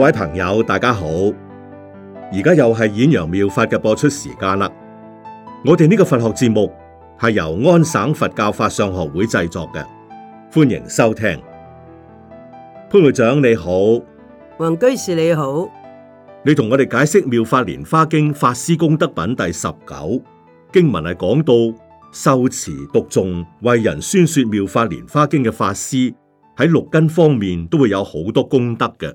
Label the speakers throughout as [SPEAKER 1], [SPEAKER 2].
[SPEAKER 1] 各位朋友，大家好！而家又係演揚妙法嘅播出時間啦。我哋呢個佛學節目係由安省佛教法上學會製作嘅，歡迎收聽。潘會長你好，黃居士你好，你同我哋解釋妙法蓮花經法師功德品第十九經文係講到，受持讀誦為人宣說妙法蓮花經嘅法師喺六根方面都會有好多功德嘅。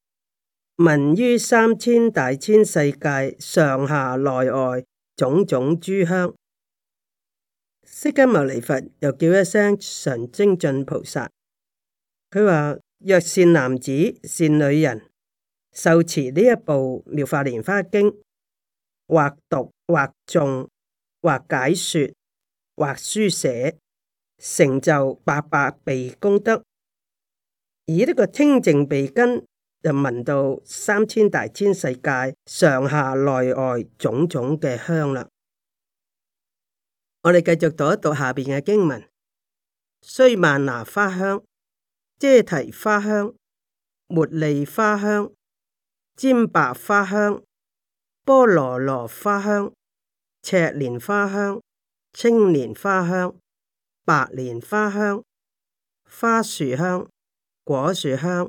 [SPEAKER 2] 聞於三千大千世界上下內外種種諸香，釋迦牟尼佛又叫一聲常精進菩薩。佢話：若善男子、善女人受持呢一部妙法蓮花經，或讀或誦或,或解說或書寫，成就八百鼻功德，以呢個清淨鼻根。就聞到三千大千世界上下內外種種嘅香啦，我哋繼續讀一讀下邊嘅經文：須曼那花香、闍提花香、茉莉花香、瞻蔔花香、波羅羅花香、赤蓮花香、青蓮花香、白蓮花香、花樹香、果樹香。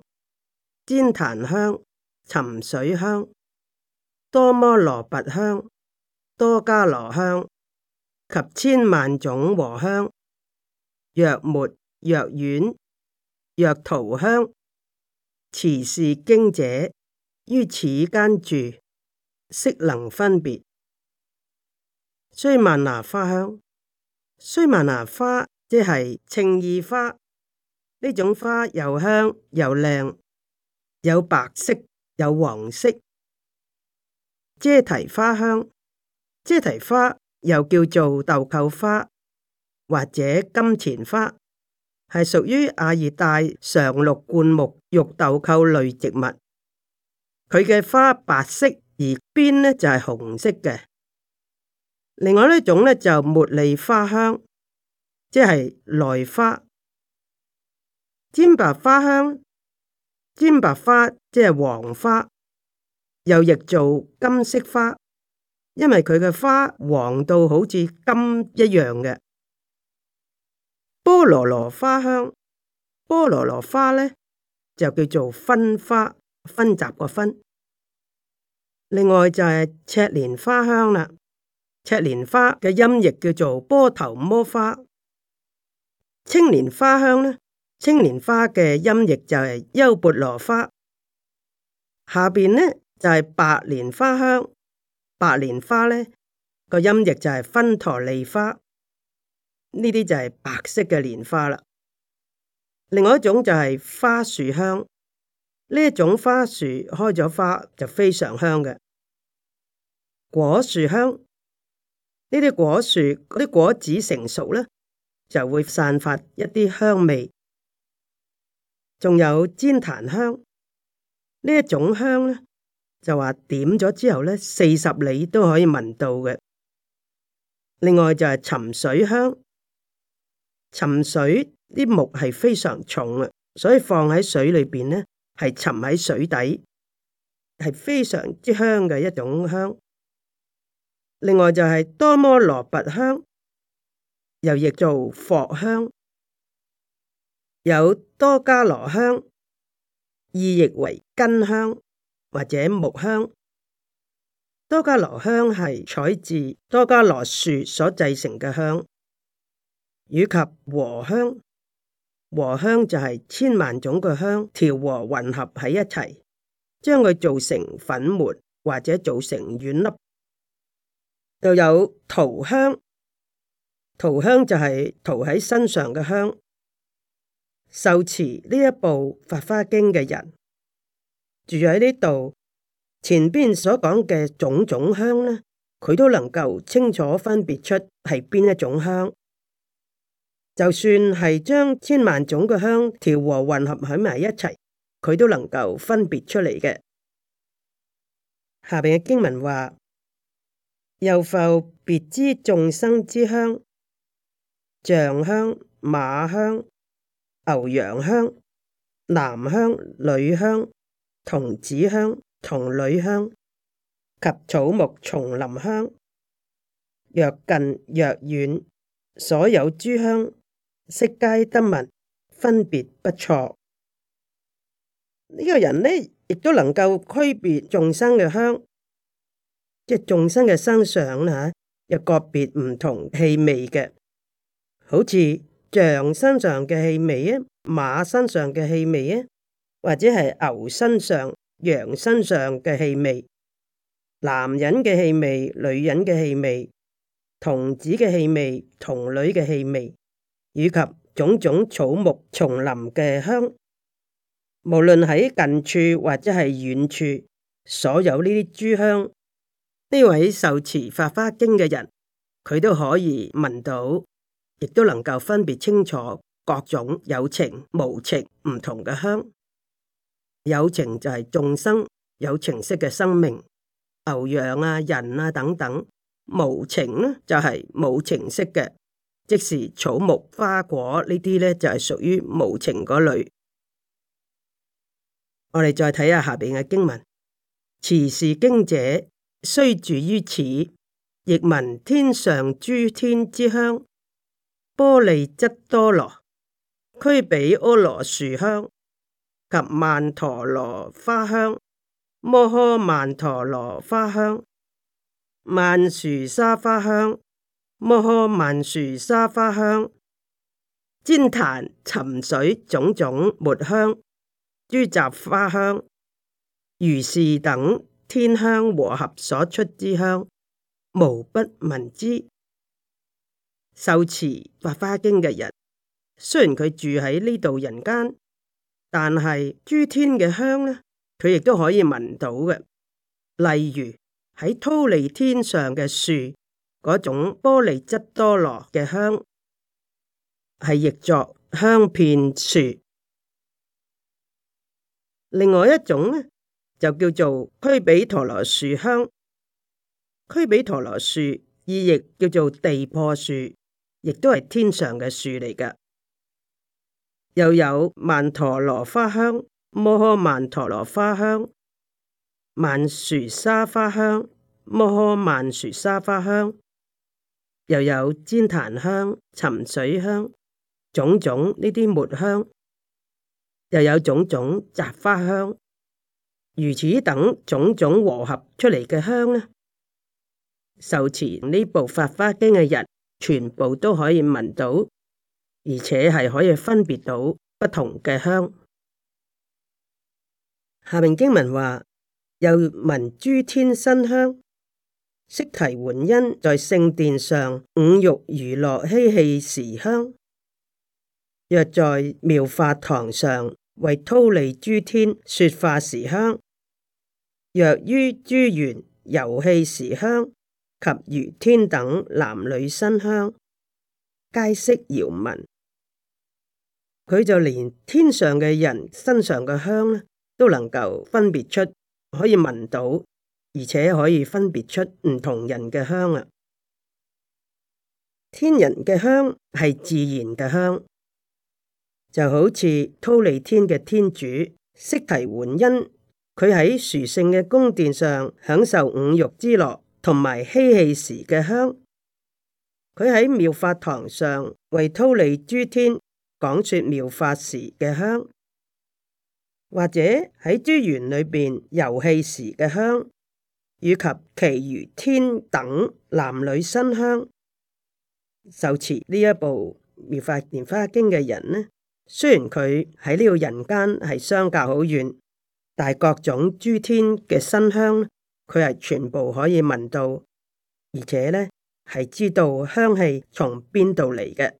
[SPEAKER 2] 栴檀香、沉水香、多摩羅拔香、多伽羅香及千萬種和香，若末、若丸若塗香，持是經者於此間住，悉能分別。須曼那花香，須曼那花即係稱意花，呢種花又香又靚，有白色，有黃色，闍提花香。闍提花又叫做豆蔻花或者金錢花，係屬於亞熱帶常綠灌木肉豆蔻類植物。佢嘅花白色，而邊呢就係、是、紅色嘅。另外呢種呢就茉莉花香，即係來花、瞻蔔花香。尖白花即係黃花，又譯做金色花，因為佢嘅花黃到好似金一樣嘅。波羅羅花香，波羅羅花咧就叫做芬花，芬集個芬。另外就係赤蓮花香啦，赤蓮花嘅音譯叫做波頭摩花。青蓮花香咧。青蓮花嘅音譯就係優鉢羅花，下面呢就係、是、白蓮花香。白蓮花呢個音譯就係芬陀利花，呢啲就係白色嘅蓮花啦。另外一種就係花樹香，呢一種花樹開咗花就非常香嘅。果樹香，呢啲果樹啲果子成熟咧，就會散發一啲香味。仲有栴檀香呢一種香呢就話點咗之後咧，四十里都可以聞到嘅。另外就係沉水香，沉水啲木係非常重嘅，所以放喺水裏邊呢，係沉喺水底，係非常之香嘅一種香。另外就係多摩羅跋香，又譯做藿香。有多加羅香，意譯為根香或者木香。多加羅香係採自多加羅樹所製成嘅香，以及和香。和香就係千萬種嘅香調和混合喺一齊，將佢做成粉末或者做成軟粒。又有塗香，塗香就係塗喺身上嘅香。受持呢一部《法花經》嘅人，住喺呢度，前邊所講嘅種種香呢，佢都能夠清楚分別出係邊一種香。就算係將千萬種嘅香調和混合喺埋一齊，佢都能夠分別出嚟嘅。下邊嘅經文話：又復別知，眾生之香，象香、馬香。牛羊香、男香、女香、童子香、童女香及草木叢林香，若近若遠，所有諸香悉皆得聞，分別不錯。呢、這個人呢，亦都能夠區別眾生嘅香，即係眾生嘅生相，吓、啊、有個別唔同氣味嘅，好似，象身上嘅氣味啊，馬身上嘅氣味啊，或者係牛身上、羊身上嘅氣味，男人嘅氣味、女人嘅氣味、童子嘅氣味、童女嘅氣味，以及種種草木叢林嘅香，無論喺近處或者係遠處，所有呢啲諸香，呢位受持《法華經》嘅人，佢都可以聞到。亦都能夠分別清楚各種有情、無情唔同嘅香。有情就係眾生有情識嘅生命，牛羊啊、人啊等等；無情呢就係冇情識嘅，即是草木花果呢啲咧，就係屬於無情嗰類。我哋再睇下下邊嘅經文：持是經者，雖住於此，亦聞天上諸天之香。波利質多羅、拘比阿羅樹香及曼陀羅花香、摩訶曼陀羅花香、曼殊沙花香、摩訶曼殊沙花香、栴檀沉水種種末香、諸雜花香、如是等天香和合所出之香，無不聞之。受持法華經嘅人，雖然佢住喺呢度人間，但係諸天嘅香呢，佢亦都可以聞到嘅。例如喺忉利天上嘅樹嗰種玻璃質多羅嘅香，係譯作香片樹；另外一種呢，就叫做拘比陀羅樹香，拘比陀羅樹意譯叫做地破樹。亦都係天上嘅樹嚟噶，又有曼陀羅花香、摩訶曼陀羅花香、曼殊沙花香、摩訶曼殊沙花香，又有旃檀香、沉水香，種種呢啲末香，又有種種雜花香，如此等種種和合出嚟嘅香呢，受持呢部《法花經》嘅人，全部都可以聞到，而且係可以分別到不同嘅香。下面經文話：又聞諸天新香，釋提桓因在聖殿上五欲娛，娛樂嬉戲時香；若在妙法堂上為忉利諸天説法時香；若於諸園遊戲時香。及如天等男女身香，皆識遙聞。佢就連天上嘅人身上嘅香都能夠分別出，可以聞到，而且可以分別出唔同人嘅香啊。天人嘅香係自然嘅香，就好似忉利天嘅天主釋提桓因。佢喺殊勝嘅宮殿上享受五欲之樂。同埋嬉戲時嘅香，佢喺妙法堂上為忉利諸天講說妙法時嘅香，或者喺諸園裏邊遊戲時嘅香，以及其餘天等男女身香受持呢一部妙法蓮花經嘅人呢？雖然佢喺呢個人間係相隔好遠，但係各種諸天嘅身香。佢係全部可以聞到，而且咧係知道香氣從邊度嚟嘅。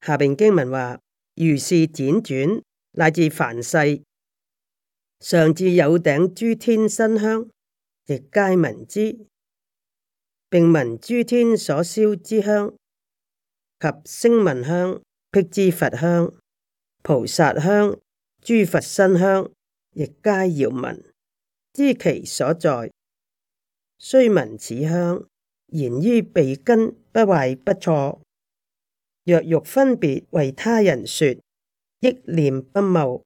[SPEAKER 2] 下邊經文話：如是輾轉乃至梵世，上至有頂諸天身香，亦皆聞之，並聞諸天所燒之香及聲聞香、辟支佛香、菩薩香、諸佛身香。亦皆要聞，知其所在。雖聞此香，然於鼻根不壞不錯。若欲分別為他人說，憶念不謬。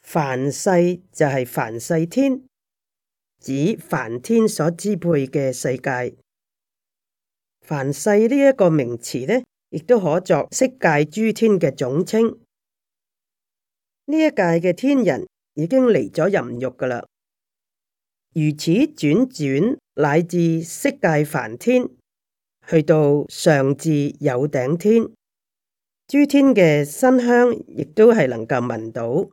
[SPEAKER 2] 凡世就係凡世天，指凡天所支配嘅世界。凡世呢一個名詞呢，亦都可作色界諸天嘅總稱。呢一界嘅天人已經嚟咗淫欲噶啦，如此輾轉乃至色界梵天，去到上至有頂天，諸天嘅身香亦都係能夠聞到，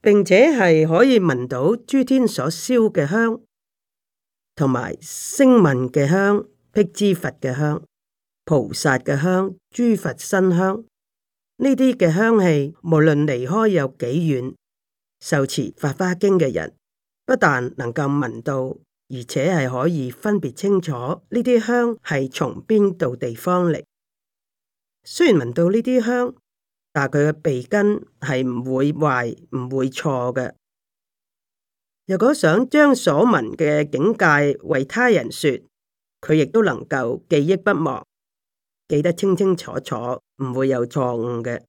[SPEAKER 2] 並且係可以聞到諸天所燒嘅香，同埋聲聞嘅香、辟支佛嘅香、菩薩嘅香、諸佛身香。呢啲嘅香氣，無論離開有幾遠，受持法華經嘅人不但能夠聞到，而且係可以分別清楚呢啲香係從邊度地方嚟。雖然聞到呢啲香，但佢嘅鼻根係唔會壞，唔會錯嘅。如果想將所聞嘅境界為他人說，佢亦都能夠記憶不忘。記得清清楚楚，唔會有錯誤嘅。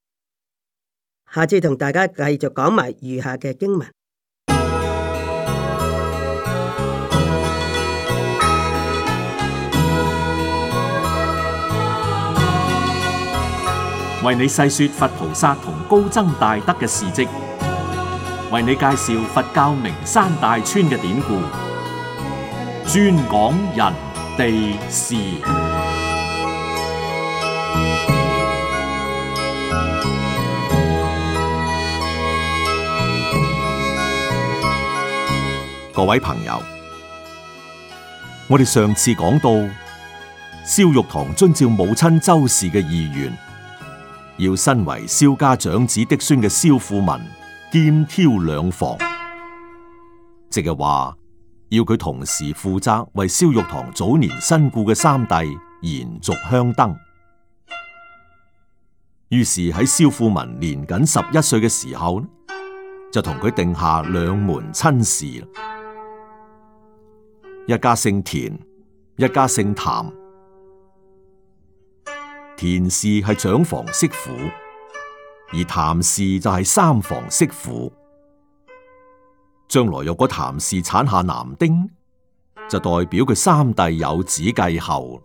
[SPEAKER 2] 下次同大家繼續講埋餘下嘅經文，
[SPEAKER 1] 為你細說佛菩薩同高僧大德嘅事跡，為你介紹佛教名山大川嘅典故，專講人地事。各位朋友，我哋上次講到，蕭玉堂遵照母親周氏嘅意願，要身為蕭家長子嫡孫嘅蕭富民兼祧兩房，即係話要佢同時負責為蕭玉堂早年身故嘅三弟延續香燈。於是喺蕭富民年僅十一歲嘅時候，就同佢定下兩門親事。一家姓田，一家姓譚。田氏係長房媳婦，而譚氏就係三房媳婦。將來若果譚氏產下男丁，就代表佢三弟有子繼後。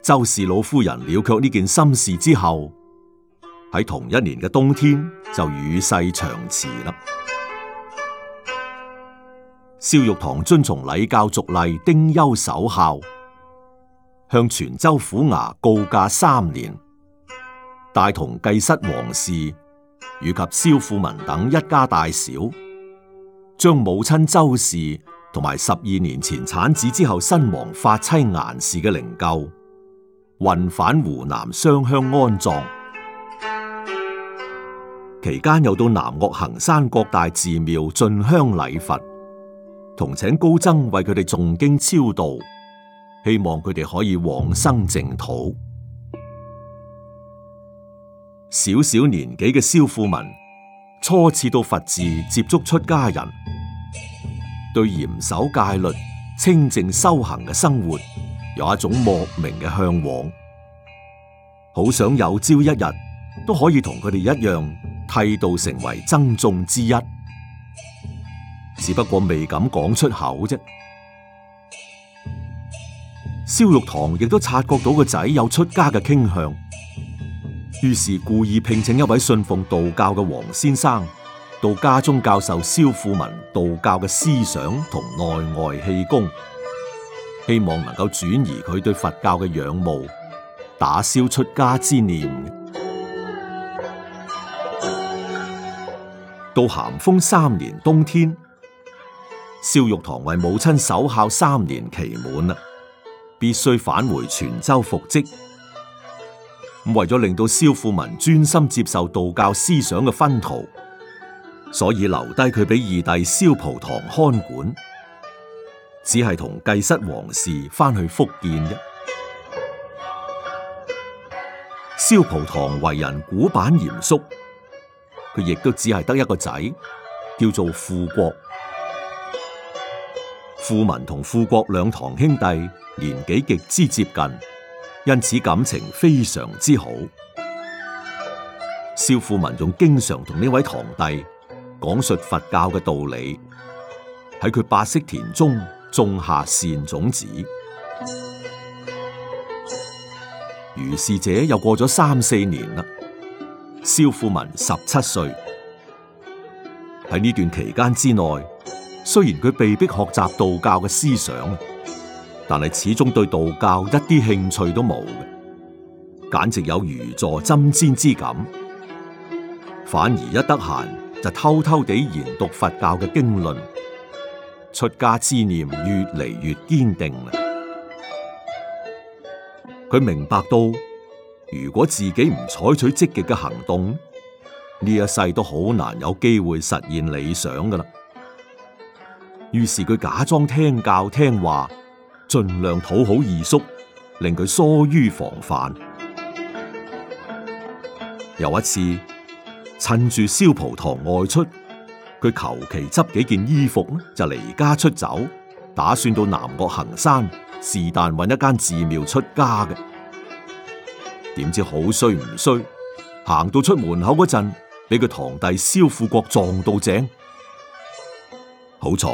[SPEAKER 1] 周氏老夫人了卻呢件心事之後，喺同一年嘅冬天就與世長辭啦。肖玉堂遵從禮教俗例，丁憂守孝，向泉州府衙告假三年，帶同繼室王氏以及肖富文等一家大小，將母親周氏同埋十二年前產子之後身亡發妻顏氏嘅靈柩，運返湖南湘鄉安葬。期間又到南岳衡山各大寺廟進香禮佛。同請高僧為佢哋誦經超度，希望佢哋可以往生淨土。小小年紀嘅蕭富民，初次到佛寺接觸出家人，對嚴守戒律、清靜修行嘅生活有一種莫名嘅向往，好想有朝一日都可以同佢哋一樣剃度成為僧眾之一。只不過未敢講出口啫。蕭玉堂亦都察覺到個仔有出家嘅傾向，於是故意聘請一位信奉道教嘅黃先生到家中教授蕭富民道教嘅思想同內外氣功，希望能夠轉移佢對佛教嘅仰慕，打消出家之念。到咸豐三年冬天，肖玉堂為母親守孝三年期滿啦，必須返回泉州復職。咁為咗令到肖富文專心接受道教思想嘅熏陶，所以留低佢俾二弟肖蒲堂看管，只係同繼室王氏翻去福建啫。肖蒲堂為人古板嚴肅，佢亦都只係得一個仔，叫做富國。富文同富國兩堂兄弟年紀極之接近，因此感情非常之好。蕭富文仲經常同呢位堂弟講述佛教嘅道理，喺佢八識田中種下善種子。如是者又過咗三四年啦，蕭富文十七歲。喺呢段期間之內。雖然佢被逼學習道教嘅思想，但係始終對道教一啲興趣都冇，簡直有如坐針氈之感。反而一得閒就偷偷地研讀佛教嘅經論，出家之念越嚟越堅定啦。佢明白到，如果自己唔採取積極嘅行動，呢一世都好難有機會實現理想㗎喇。於是佢假裝聽教聽話，盡量討好二叔，令佢疏於防範。 有一次，趁住蕭蒲堂外出，佢求其執幾件衣服就離家出走，打算到南嶽衡山，是但搵一間寺廟出家嘅。點知好衰唔衰，行到出門口嗰陣，俾佢堂弟蕭富國撞到正。好彩，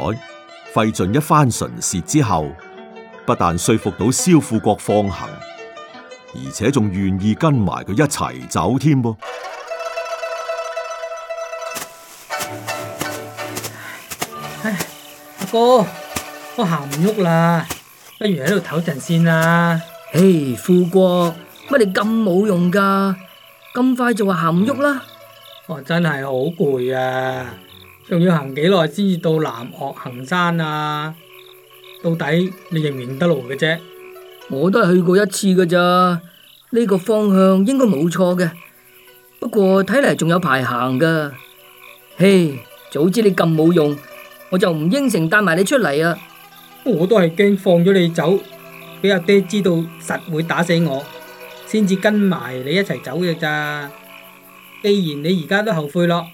[SPEAKER 1] 費盡一番唇舌之後，不但說服到蕭富國放行，而且仲願意跟埋佢一齊走添噃。
[SPEAKER 3] 唉、哎，阿哥，我行唔喐啦，不如喺度唞陣先啦。唉，富國，乜你咁冇用噶？咁快就話行唔喐啦？我真係好攰啊！仲要行幾耐先至到南岳行山啊？到底你認唔認得路嘅啫？我都係去過一次㗎咋，呢個方向應該冇錯嘅。不過睇嚟仲有排行噶。嘿，早知你咁冇用，我就唔應承帶埋你出嚟啦。我都係驚放咗你走，俾阿爹知道實會打死我，先至跟埋你一齊走嘅咋。既然你而家都後悔咯。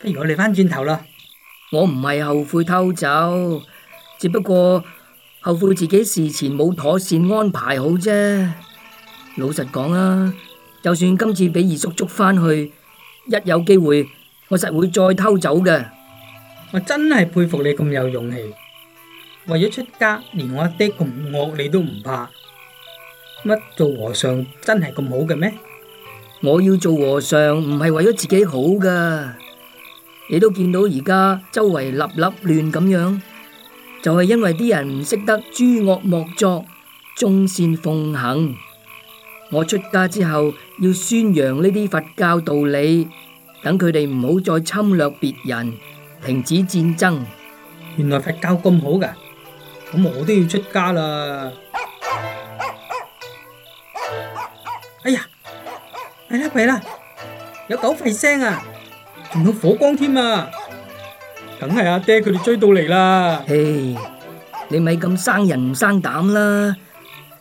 [SPEAKER 3] 不如我哋翻轉頭啦！我唔係後悔偷走，只不過後悔自己事前冇妥善安排好啫。老實講啊，就算今次俾二叔捉翻去，一有機會我實會再偷走嘅。我真係佩服你咁有勇氣，為咗出家連我阿爹咁惡你都唔怕。乜做和尚真係咁好嘅咩？我要做和尚唔係為咗自己好㗎。你都見到而家周圍立立亂咁樣，就係因為啲人唔識得諸惡莫作，眾善奉行。我出家之後要宣揚呢啲佛教道理，等佢哋唔好再侵略別人，停止戰爭。原來佛教咁好㗎？咁我都要出家啦！
[SPEAKER 2] 哎呀，係
[SPEAKER 3] 啦，係啦，有狗吠聲啊！仲有火光添啊！梗係阿爹佢哋追到嚟啦！嘿，你咪咁生人唔生膽啦，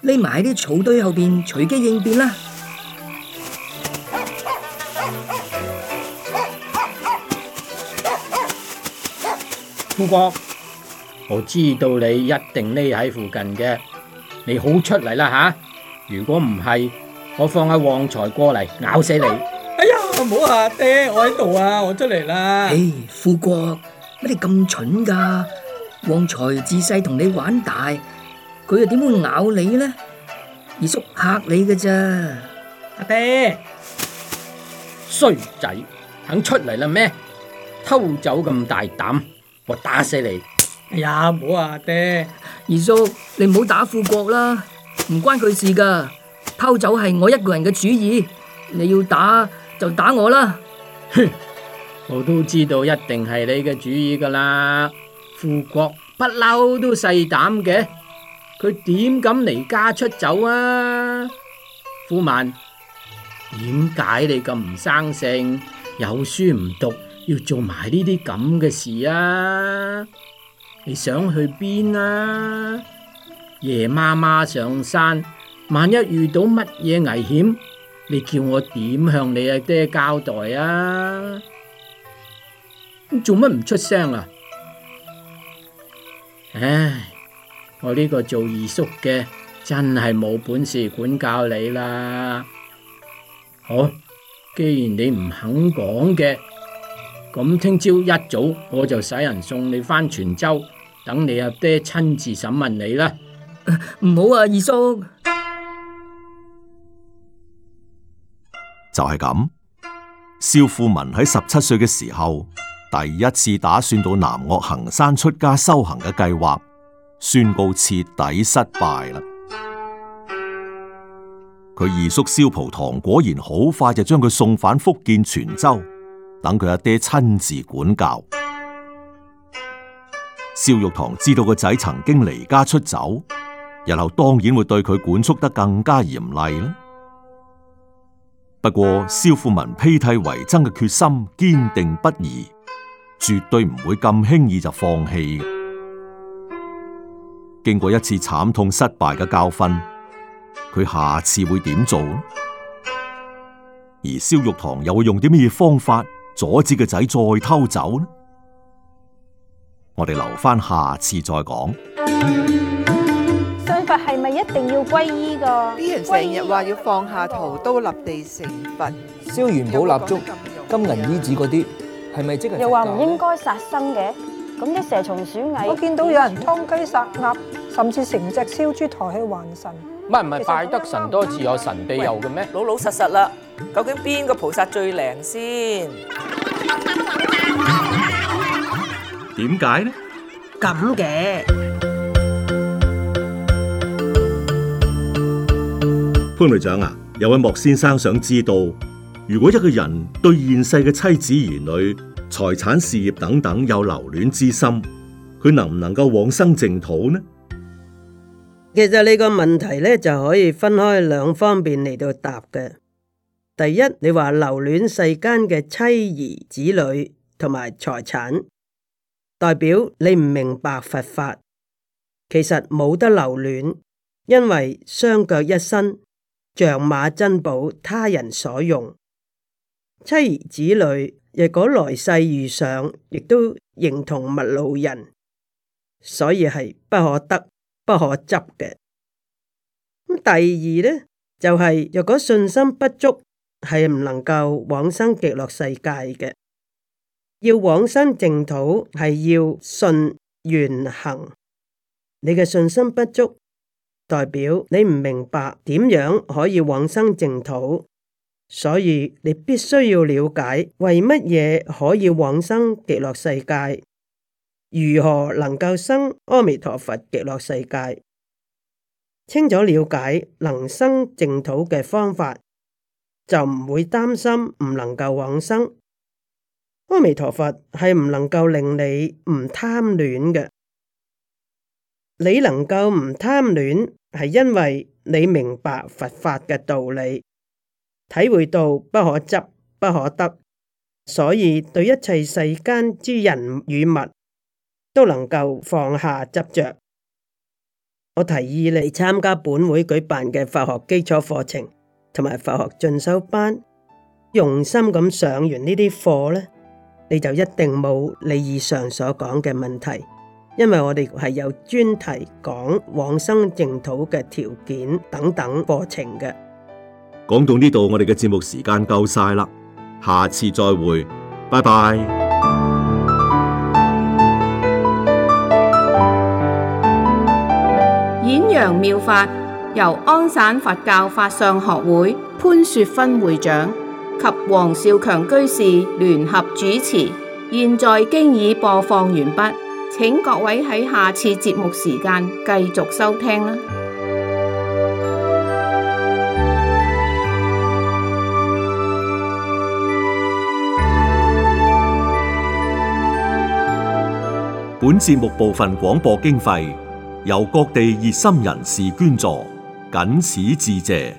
[SPEAKER 3] 匿埋喺啲草堆後邊，隨機應變啦。
[SPEAKER 4] 富哥，我知道你一定匿喺附近嘅，你好出嚟啦吓！如果唔係，我放喺旺財過嚟咬死你。阿唔好阿爹，我喺度啊，我出
[SPEAKER 1] 嚟
[SPEAKER 3] 啦。唉，hey, 富國，乜你咁蠢噶？旺財自細同你玩大，佢又點會咬你呢？二叔吓你噶咋？
[SPEAKER 4] 阿爹，衰仔，肯出嚟啦咩？偷走咁大膽，我打死你！
[SPEAKER 3] 哎呀，唔好阿爹，二叔你唔好打富國啦，唔關佢事噶。偷走係我
[SPEAKER 4] 一個人嘅主意，你要打，就打我啦！哼，我都知道一定係你嘅主意㗎喇。富國不嬲都細膽嘅，佢點敢離家出走啊？富萬，點解你咁唔生性？有書唔讀，要做埋呢啲咁嘅事啊？你想去邊啊？夜媽媽上山，萬一遇到乜嘢危險？你叫我點向你阿爹交代啊？做乜唔出聲啊？唉，我呢個做二叔嘅真係冇本事管教你啦。好，既然你唔肯講嘅，咁聽朝一早我就使人送你返泉州，等你阿爹親自審問你啦。唔好啊，二叔。
[SPEAKER 1] 就係咁，肖富文喺十七歲嘅時候，第一次打算到南嶽衡山出家修行嘅計劃，宣告徹底失敗啦。佢二叔肖蒲堂果然好快就將佢送返福建泉州，等佢阿爹親自管教。肖玉堂知道個仔曾經離家出走，日後當然會對佢管束得更加嚴厲啦。不過肖富民披剃為僧嘅決心堅定不移，絕對唔會咁輕易就放棄。經過一次慘痛失敗嘅教訓，佢下次會點做？而肖玉堂又會用啲咩方法阻止個仔再偷走？我哋留翻下次再講。
[SPEAKER 3] 係咪一定要皈依噶？啲人成日話要放下屠刀立地成佛，燒元寶蠟燭、金銀衣紙嗰啲，係
[SPEAKER 4] 咪即係？又話唔應
[SPEAKER 3] 該殺生嘅，咁啲蛇蟲鼠蟻，我見到有人劏雞殺鴨，甚至成隻燒豬抬去還神。
[SPEAKER 4] 唔係唔係，拜得神多自有神庇佑嘅咩？老老實實啦，究竟邊個菩薩最靈先？
[SPEAKER 1] 點解呢？
[SPEAKER 2] 咁嘅。
[SPEAKER 1] 潘隊長啊，有位莫先生想知道，如果一個人對現世嘅妻子兒女、財產、事業等等有留戀之心，佢能唔能夠往生淨土呢？
[SPEAKER 2] 其實你個問題咧就可以分開兩方面嚟到答嘅。第一，你話留戀世間嘅妻兒子女同埋財產，代表你唔明白佛法，其實冇得留戀，因為雙腳一伸。象馬珍寶，他人所用；妻兒子女，若果來世遇上，亦都形同陌路人，所以係不可得、不可執嘅。咁第二咧，就係、是、若果信心不足，係唔能夠往生極樂世界嘅。要往生淨土，係要信願行，你嘅信心不足。代表你唔明白點樣可以往生淨土，所以你必須要了解為乜嘢可以往生極樂世界，如何能夠生阿彌陀佛極樂世界。清楚了解能生淨土嘅方法，就唔會擔心唔能夠往生。阿彌陀佛係唔能夠令你唔貪戀嘅。你能夠唔貪戀，係因為你明白佛法嘅道理，體會到不可執、不可得，所以對一切世間之人與物都能夠放下執着。我提議你參加本會舉辦嘅法學基礎課程同埋法學進修班，用心咁上完這些課呢啲課呢，你就一定冇你以上所講嘅問題。因為我哋係有專題講往生淨土嘅條件等等過程嘅，
[SPEAKER 1] 講到呢度，我哋嘅節目時間夠晒啦，下次再會，拜拜。
[SPEAKER 3] 演揚妙法由安省佛教法相學會潘雪芬會長及黃少強居士聯合主持，現在經已播放完畢。請各位喺下次節目時間繼續收聽啦。
[SPEAKER 1] 本節目部分廣播經費由各地熱心人士捐助，僅此致謝。